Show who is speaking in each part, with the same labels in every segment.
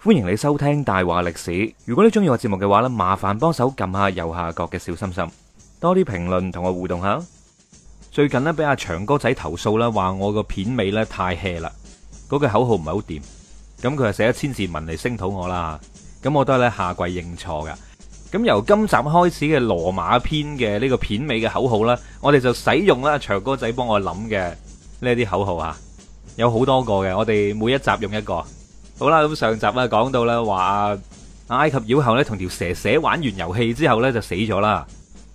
Speaker 1: 歡迎你收聽大話歷史。如果你中意我節目嘅話呢，麻煩幫手撳下右下角嘅小心心，多啲評論同我互動下。最近呢，俾阿長哥仔投訴啦，話我個片尾呢太 hea 啦，嗰句口號唔係好掂。咁佢又寫一千字文嚟聲討我啦。咁我都係咧下跪認錯噶。咁由今集開始嘅羅馬篇嘅呢個片尾嘅口號咧，我哋就使用啦阿長哥仔幫我諗嘅呢啲口號吓，有好多個嘅。我哋每一集用一個。好啦，咁上集啊，講到咧話埃及妖后咧同條蛇蛇玩完遊戲之後咧就死咗啦。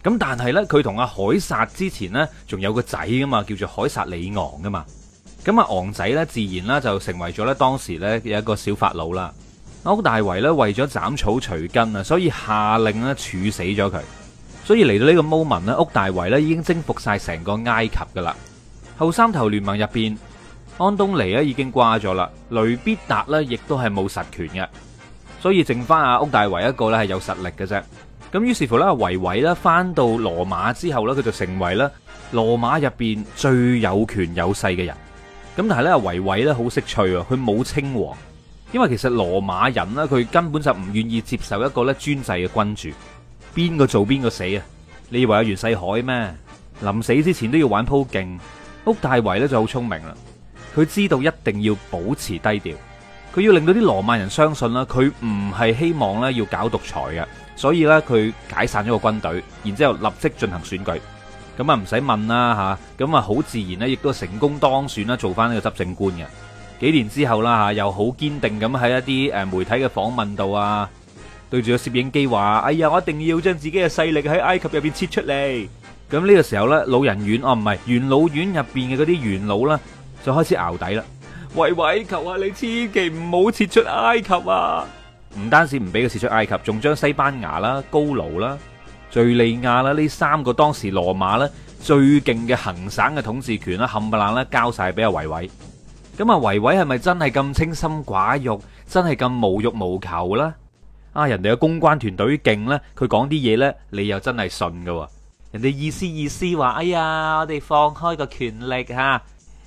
Speaker 1: 咁但係呢，佢同阿凱撒之前呢，仲有個仔噶嘛，叫做凱撒里昂噶嘛。咁阿昂仔呢，自然啦就成為咗咧當時咧有一個小法老啦。屋大維咧為咗斬草除根啊，所以下令咧處死咗佢。所以嚟到呢個 moment 咧，屋大維咧已經征服晒成個埃及噶啦。後三頭聯盟入邊。安東尼咧已經掛咗啦，雷必達咧亦都係冇實權嘅，所以剩翻阿屋大維一個咧係有實力嘅啫。咁於是乎咧，阿維維咧翻到羅馬之後咧，佢就成為咧羅馬入邊最有權有勢嘅人。咁但係咧，阿維維咧好識趣啊，佢冇稱王，因為其實羅馬人咧，佢根本就唔願意接受一個咧專制嘅君主，邊個做邊個死啊？你以為有袁世凱咩？臨死之前都要玩鋪勁，屋大維咧就好聰明啦。佢知道一定要保持低調，佢要令到啲羅曼人相信啦，佢唔係希望咧要搞獨裁嘅，所以咧佢解散咗個軍隊，然之後立即進行選舉，咁啊唔使問啦嚇，咁啊好自然咧，亦都成功當選啦，做翻呢個執政官嘅。幾年之後啦嚇，又好堅定咁喺一啲誒媒體嘅訪問度啊，對住個攝影機話：哎呀，我一定要將自己嘅勢力喺埃及入邊撤出嚟。咁呢個時候咧，老人院哦唔係元老院入邊嘅嗰啲元老啦。就開始淆底啦，維維求下、啊、你，千祈唔好撤出埃及啊！唔單止唔俾佢撤出埃及，仲將西班牙啦、高盧啦、敘利亞啦呢三個當時羅馬咧最勁嘅行省嘅統治權啦冚唪唥咧交晒俾阿維維。咁啊，維維係咪真係咁清心寡欲，真係咁無欲無求啦？啊，人哋嘅公關團隊勁呢，佢講啲嘢呢，你又真係信噶、啊？人哋意思意思話，哎呀，我哋放開個權力吓、啊。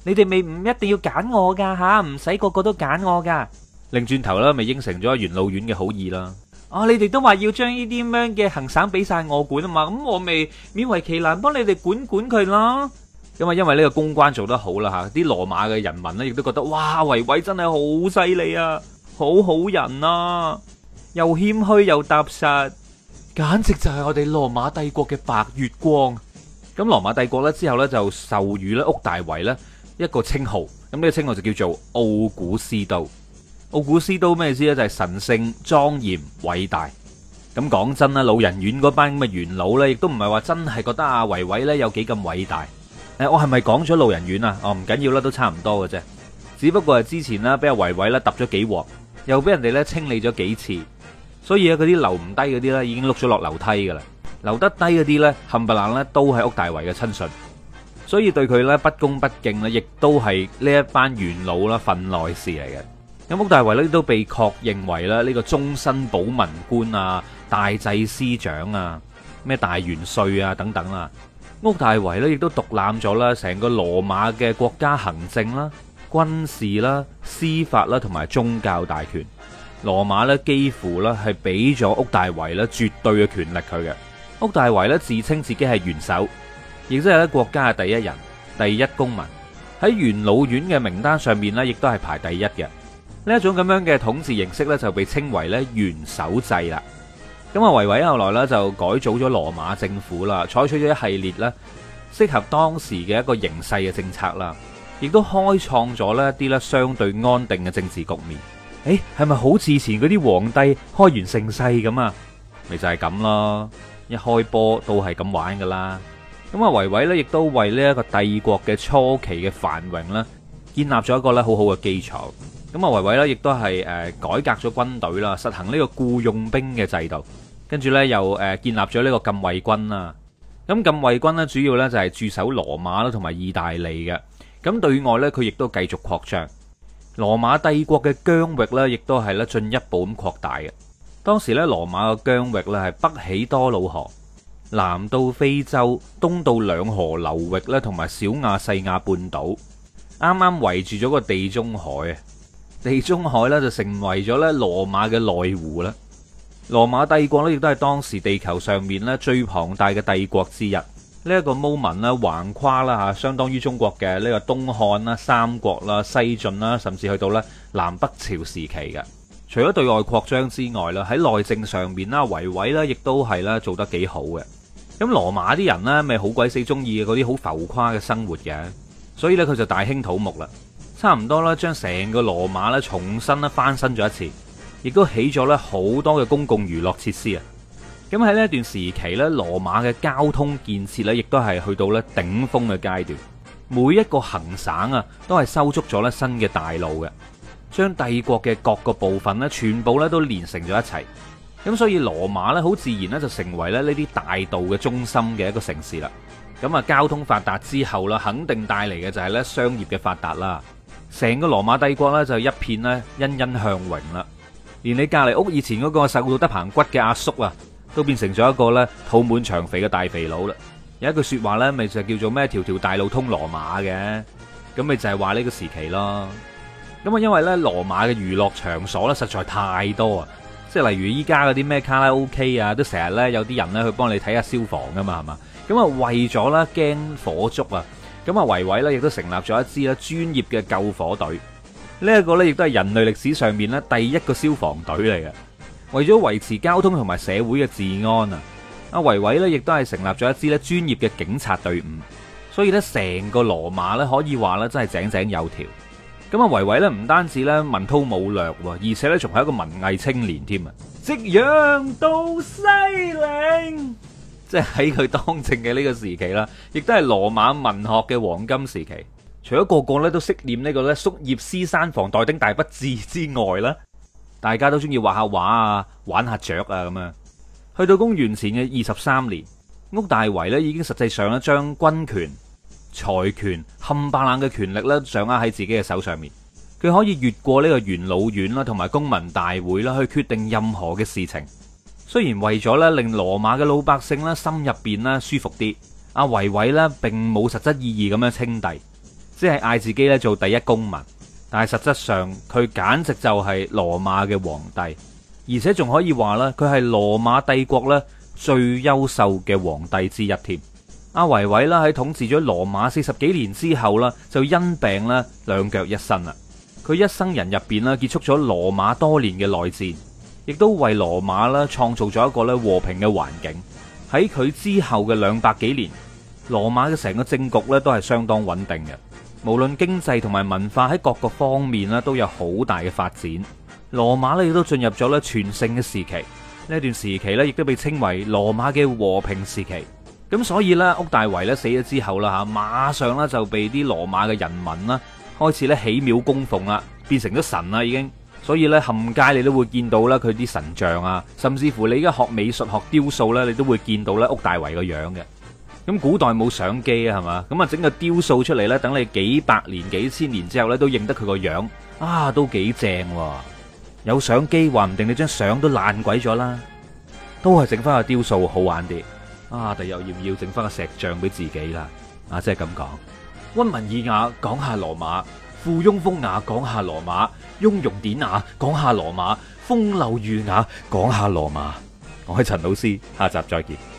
Speaker 1: 你哋未唔一定要揀我噶吓，唔使個個都揀我噶。擰轉頭啦，咪應承咗阿元老院嘅好意啦。哦，你哋都話要將呢啲咁嘅行省俾晒我管啊嘛，咁我咪勉為其難幫你哋管管佢啦。因為因為呢個公關做得好啦吓，啲羅馬嘅人民咧亦都覺得哇，維維真係好犀利啊，好好人啊，又謙虛又踏實，簡直就係我哋羅馬帝國嘅白月光。咁羅馬帝國咧之後咧就授予咧屋大維咧一個稱號，咁、這、呢個稱號就叫做奧古斯都。奧古斯都咩意思呢？就係、是、神聖、莊嚴、偉大。咁講真啦，老人院嗰班咁嘅元老呢，亦都唔係話真係覺得阿維維呢有幾咁偉大。誒，我係咪講咗老人院啊？我、哦、唔緊要啦，都差唔多嘅啫。只不過係之前呢，俾阿維維呢揼咗幾鑊，又俾人哋呢清理咗幾次，所以咧嗰啲留唔低嗰啲呢，已經碌咗落樓梯噶啦。留得低嗰啲呢，冚唪唥呢，都係屋大維嘅親信。所以對佢咧不恭不敬咧，亦都係呢一班元老啦，份內事嚟嘅。咁屋大維咧都被確認為咧呢個終身保民官啊、大祭司長啊、咩大元帥啊等等啊。屋大維咧亦都獨攬咗啦成個羅馬嘅國家行政啦、軍事啦、司法啦同埋宗教大權。羅馬咧幾乎咧係俾咗屋大維咧絕對嘅權力佢嘅。屋大維咧自稱自己係元首，亦都係咧，國家嘅第一人、第一公民喺元老院嘅名單上面咧，亦都係排第一嘅。呢一種咁樣嘅統治形式咧，就被稱為咧元首制啦。咁啊，維維後來咧就改組咗羅馬政府啦，採取咗一系列咧適合當時嘅一個形勢嘅政策啦，亦都開創咗呢一啲咧相對安定嘅政治局面。誒，係咪好似前嗰啲皇帝開元盛世咁啊？咪就係咁咯，一開波都係咁玩噶啦。咁啊，維維咧，亦都為呢一個帝國嘅初期嘅繁榮咧，建立咗一個咧好好嘅基礎。咁啊，維維咧，亦都係誒改革咗軍隊啦，實行呢個僱傭兵嘅制度，跟住呢，又誒建立咗呢個禁衛軍啊。咁禁衛軍呢，主要呢就係駐守羅馬啦同埋意大利嘅。咁對外呢，佢亦都繼續擴張，羅馬帝國嘅疆域呢，亦都係咧進一步咁擴大嘅。當時呢，羅馬嘅疆域呢，係北起多瑙河。南到非洲，東到兩河流域咧，同埋小亞細亞半島，啱啱圍住咗個地中海啊！地中海咧就成為咗咧羅馬嘅內湖啦。羅馬帝國呢，亦都係當時地球上面咧最龐大嘅帝國之一。呢一個 moment 呢，橫跨啦吓，相當於中國嘅呢個東漢啦、三國啦、西晉啦，甚至去到咧南北朝時期嘅。除咗對外擴張之外啦，喺內政上面啦，維維啦，亦都係咧做得幾好嘅。咁羅馬啲人呢咪好鬼死中意嗰啲好浮誇嘅生活嘅，所以呢，佢就大興土木啦，差唔多啦，將成個羅馬呢重新呢翻新咗一次，亦都起咗呢好多嘅公共娛樂設施啊。咁喺呢一段時期呢，羅馬嘅交通建設呢，亦都係去到呢頂峰嘅階段，每一個行省啊，都係收足咗呢新嘅大路嘅，將帝國嘅各個部分呢，全部呢都連成咗一齊。咁所以羅馬咧，好自然咧就成為咧呢啲大道嘅中心嘅一個城市啦。咁啊，交通發達之後啦，肯定帶嚟嘅就係呢商業嘅發達啦。成個羅馬帝國呢，就一片呢欣欣向榮啦。連你隔離屋以前嗰個瘦到得棚骨嘅阿叔啊，都變成咗一個呢肚滿腸肥嘅大肥佬啦。有一句説話呢咪就叫做咩？條條大路通羅馬嘅，咁咪就係話呢個時期咯。咁啊，因為呢羅馬嘅娛樂場所呢，實在太多啊！即係例如依家嗰啲咩卡拉 OK 啊，都成日呢有啲人呢去幫你睇下消防噶嘛，係嘛？咁啊為咗咧驚火燭啊，咁啊維維呢亦都成立咗一支咧專業嘅救火隊。呢一個呢亦都係人類歷史上面呢第一個消防隊嚟嘅。為咗維持交通同埋社會嘅治安啊，阿維維呢亦都係成立咗一支咧專業嘅警察隊伍。所以呢，成個羅馬呢可以話呢真係井井有條。咁啊，維維咧唔單止咧文韜武略喎，而且咧仲係一個文藝青年添啊！夕陽到西嶺，即係喺佢當政嘅呢個時期啦，亦都係羅馬文學嘅黃金時期。除咗個個咧都識念呢、這個咧《宿業師山房待丁大不至》之外啦，大家都中意畫下畫啊，玩下雀啊咁啊。去到公元前嘅二十三年，屋大維咧已經實際上咧將軍權。財權冚巴冷嘅權力咧，掌握喺自己嘅手上面。佢可以越過呢個元老院啦，同埋公民大會啦，去決定任何嘅事情。雖然為咗咧令羅馬嘅老百姓咧心入邊咧舒服啲，阿維維咧並冇實質意義咁樣稱帝，即係嗌自己咧做第一公民。但係實質上，佢簡直就係羅馬嘅皇帝，而且仲可以話咧，佢係羅馬帝國咧最優秀嘅皇帝之一添。屋大維啦，喺統治咗羅馬四十幾年之後啦，就因病咧兩腳一伸啦。佢一生人入邊啦，結束咗羅馬多年嘅內戰，亦都為羅馬咧創造咗一個咧和平嘅環境。喺佢之後嘅兩百幾年，羅馬嘅成個政局咧都係相當穩定嘅，無論經濟同埋文化喺各個方面咧都有好大嘅發展。羅馬咧亦都進入咗咧全盛嘅時期，呢段時期咧亦都被稱為羅馬嘅和平時期。咁所以咧，屋大維咧死咗之後啦吓，馬上咧就被啲羅馬嘅人民啦，開始咧起廟供奉啦，變成咗神啦已經。所以咧，冚街你都會見到啦佢啲神像啊，甚至乎你而家學美術學雕塑咧，你都會見到咧屋大維個樣嘅。咁古代冇相機啊，係嘛？咁啊，整個雕塑出嚟咧，等你幾百年幾千年之後咧，都認得佢個樣啊，都幾正。有相機，話唔定你張相都爛鬼咗啦，都係整翻個雕塑好玩啲。啊！第又要唔要整翻個石像俾自己啦？啊，即係咁講，溫文爾雅講下羅馬，附庸風雅講下羅馬，雍容典雅講下羅馬，風流儒雅講下羅馬。我係陳老師，下集再見。